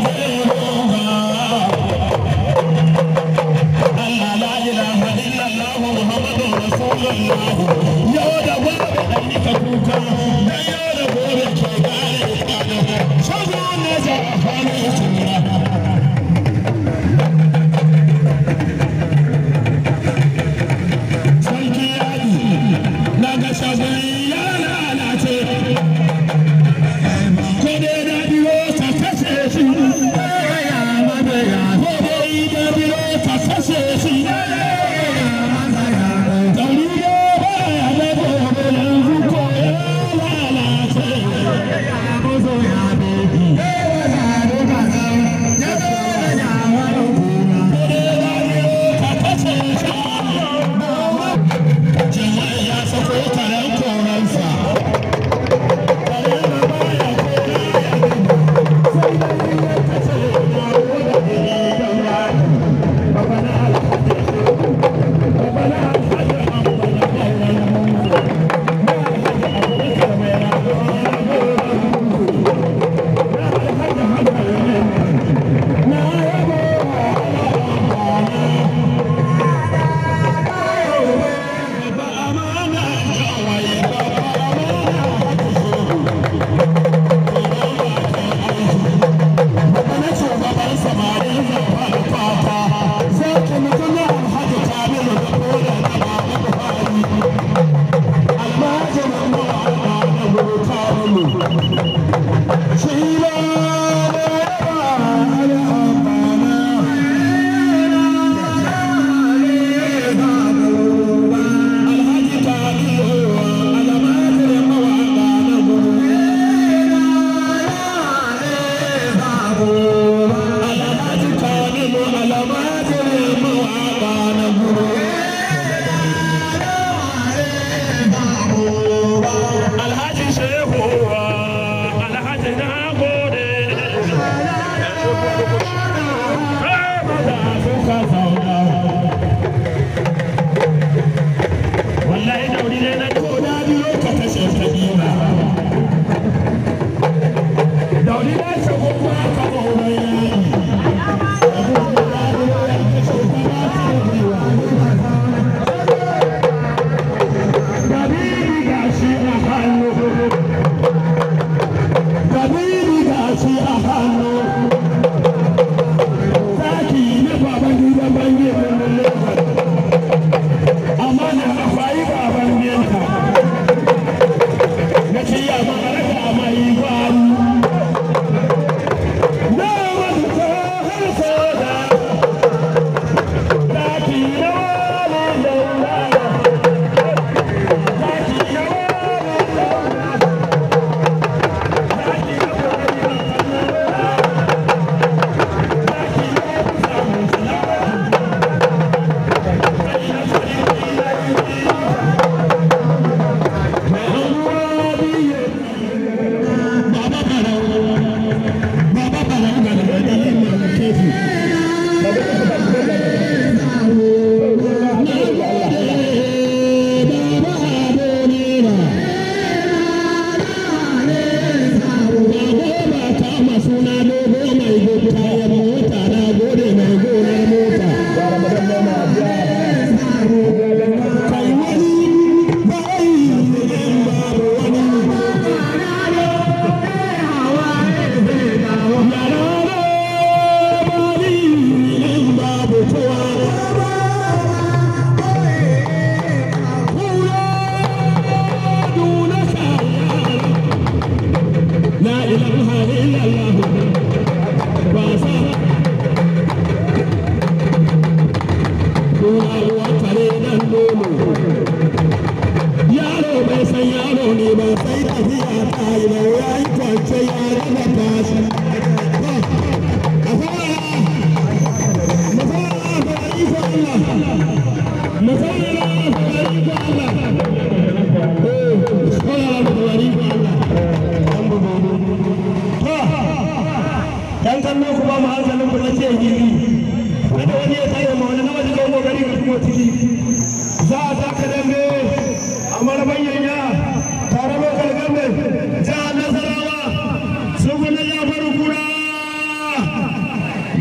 Bravo!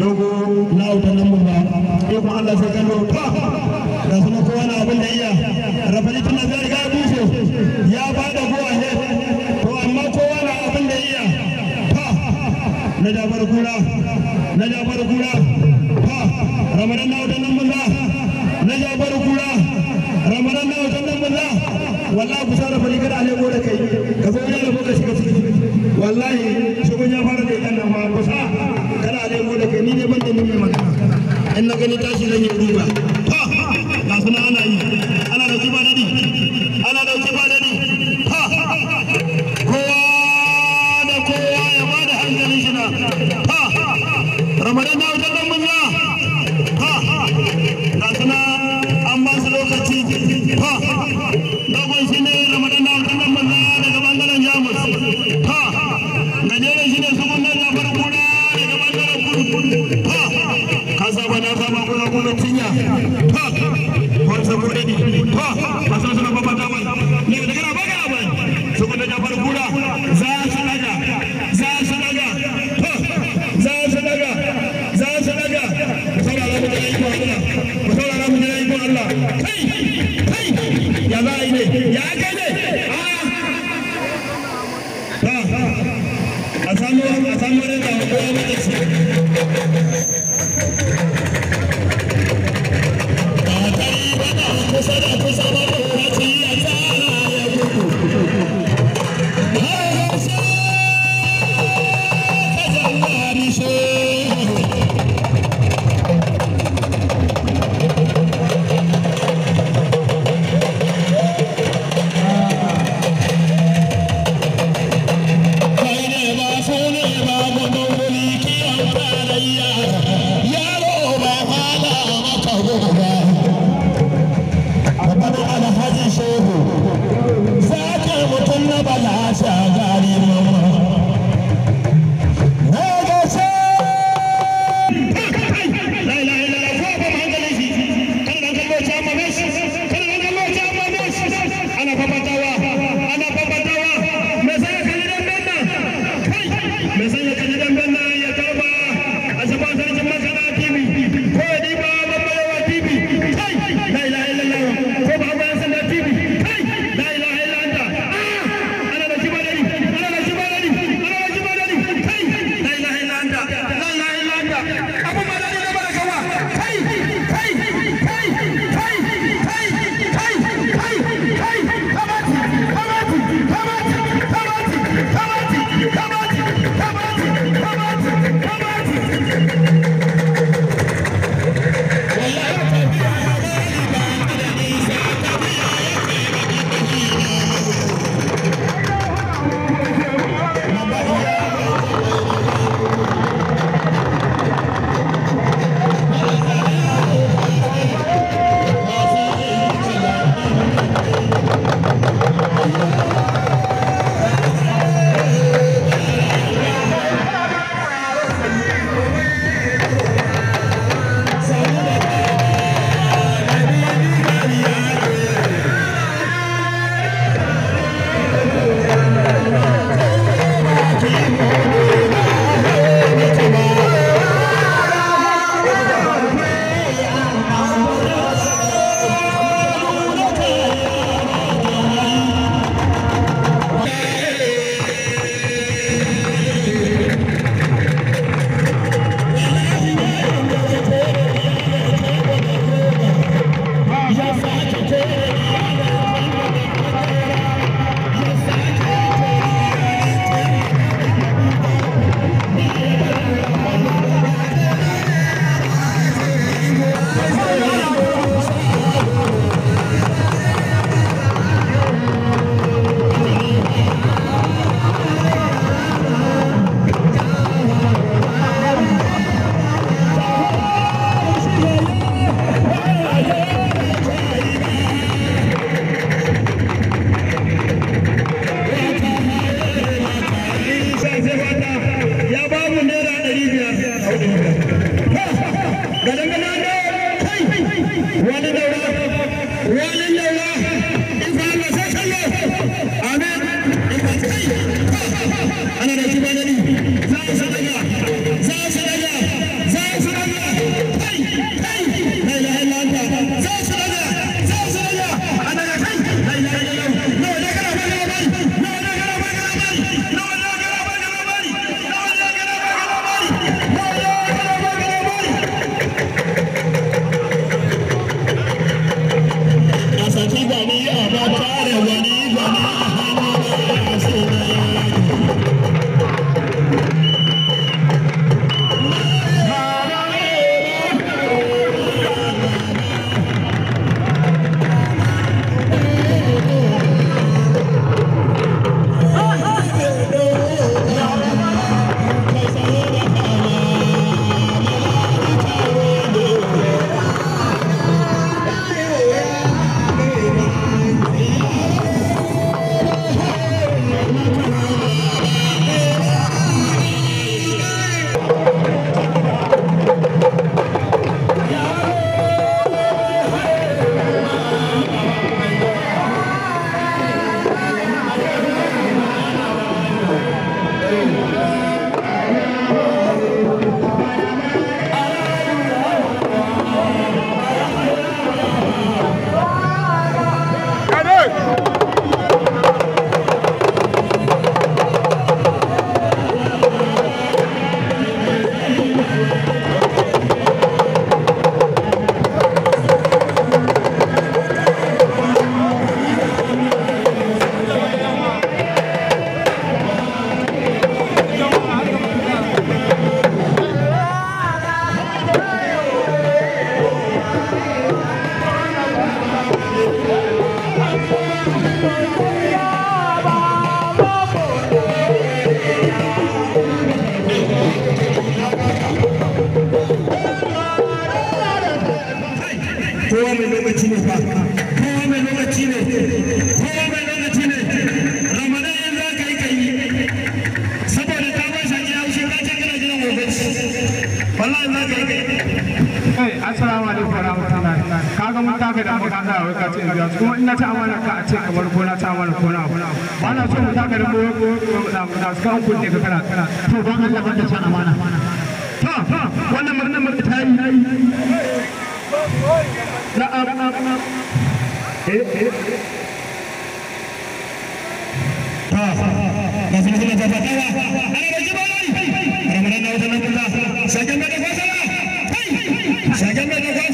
dogo na autan nan mun ba ikon Allah sai kallo ta da kuma kowa na abin da iya daga tashi zan yi riba ga suna ana yi ana da ba dadi ana da ba dadi ha kowa da kowa ya ba da hankalin shi na ha ramadan na wutar dan munna ha ga suna an ba su lokaci ha dogon shi نعم Masih belum dapat tawa. Ada baju baru. Ada mana nak utama kita? Saya jambat kuasa. Saya jambat kuasa.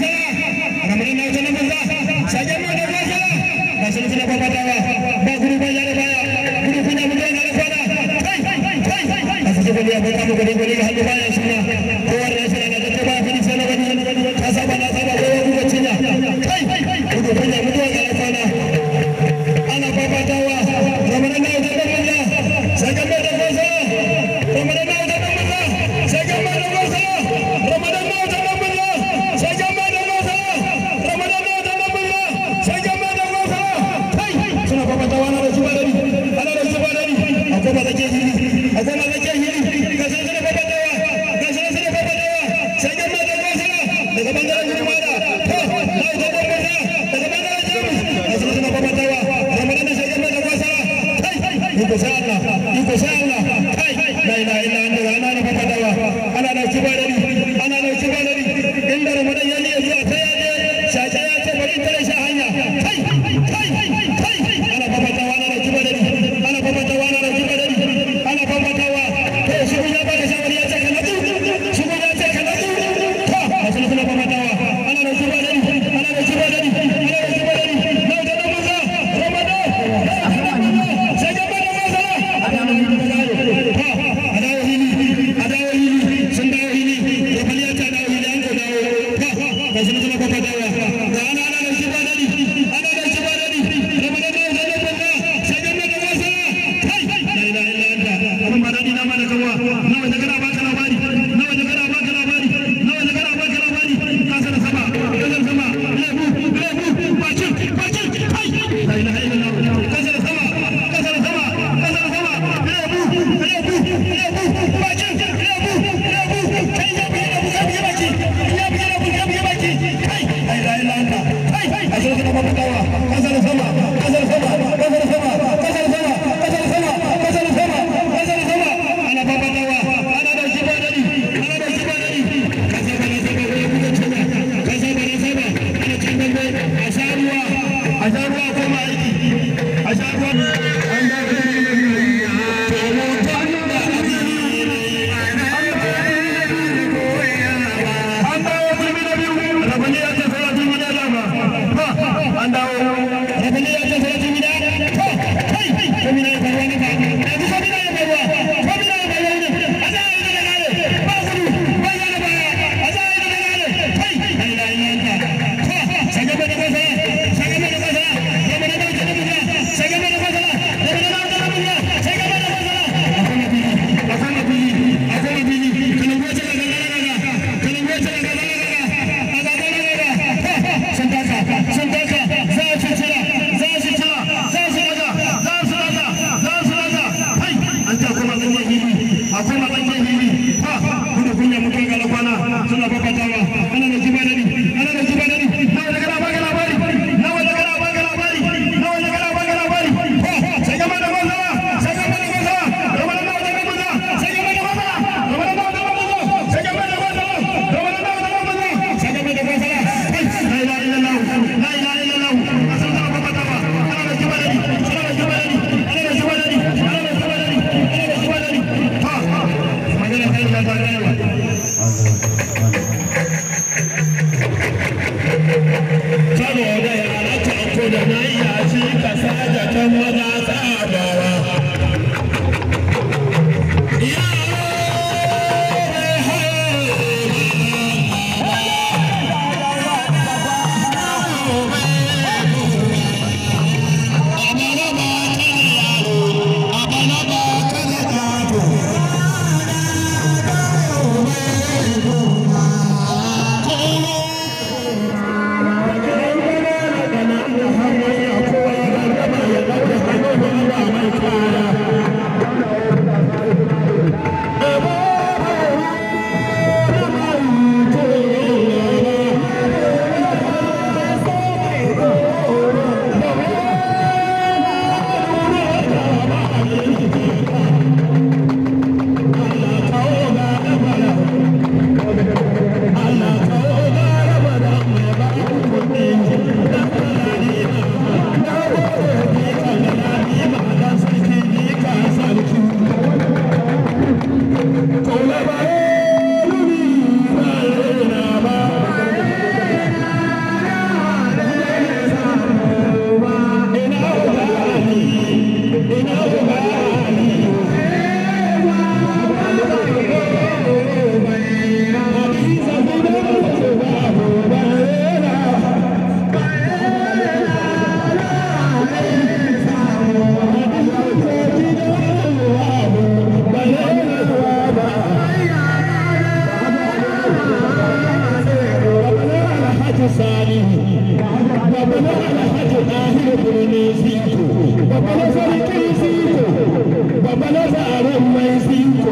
balaza a ruwan mai sinko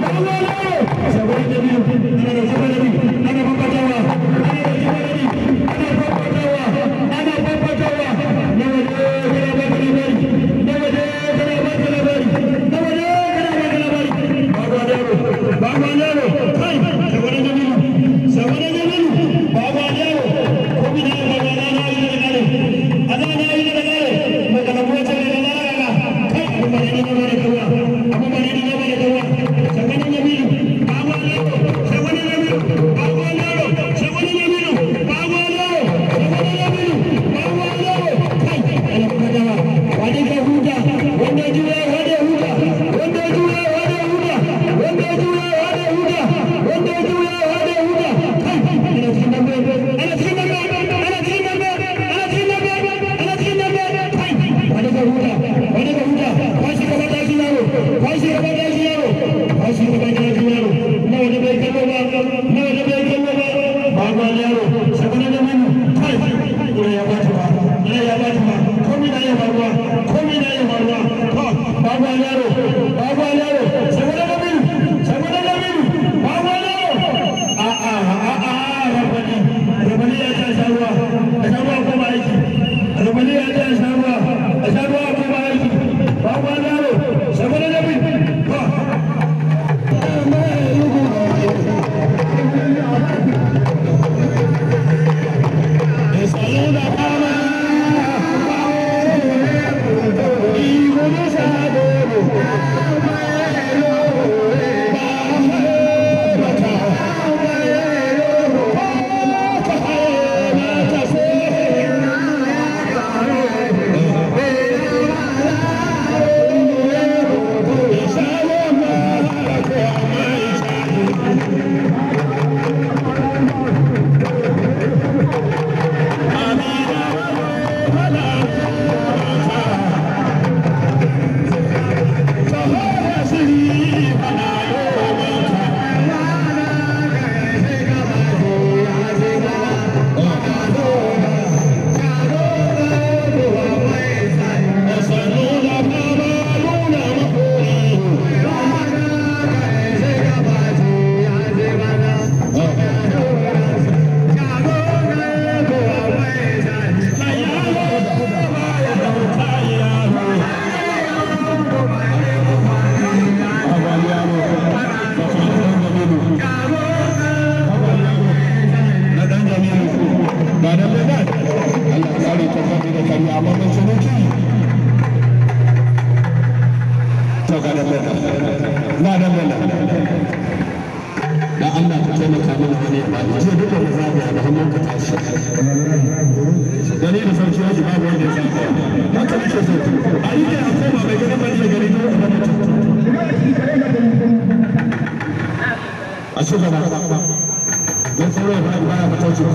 ¡Vámonos! ¡Se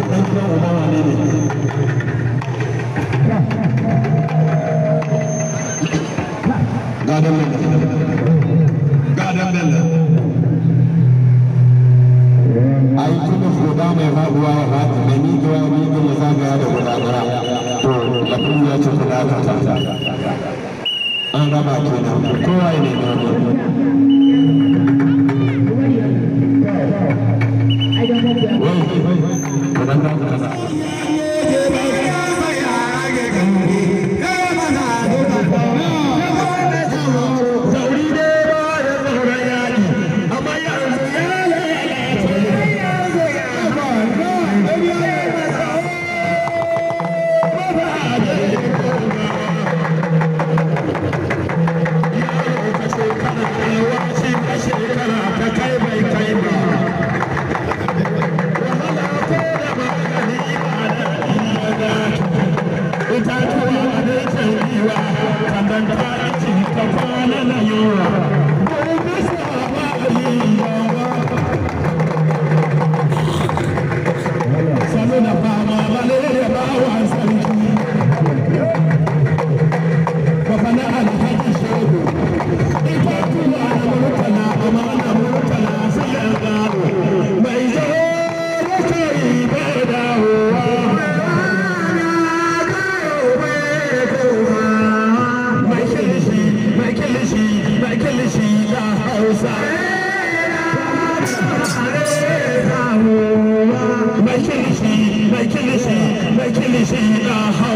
an raba kenan kowa ya nemi Krishna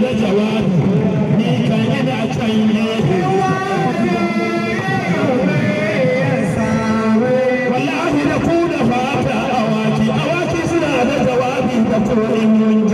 da jawabi ni kare da can gefe wallahi da ku da fata awaki awaki suna da jawabi da ko'in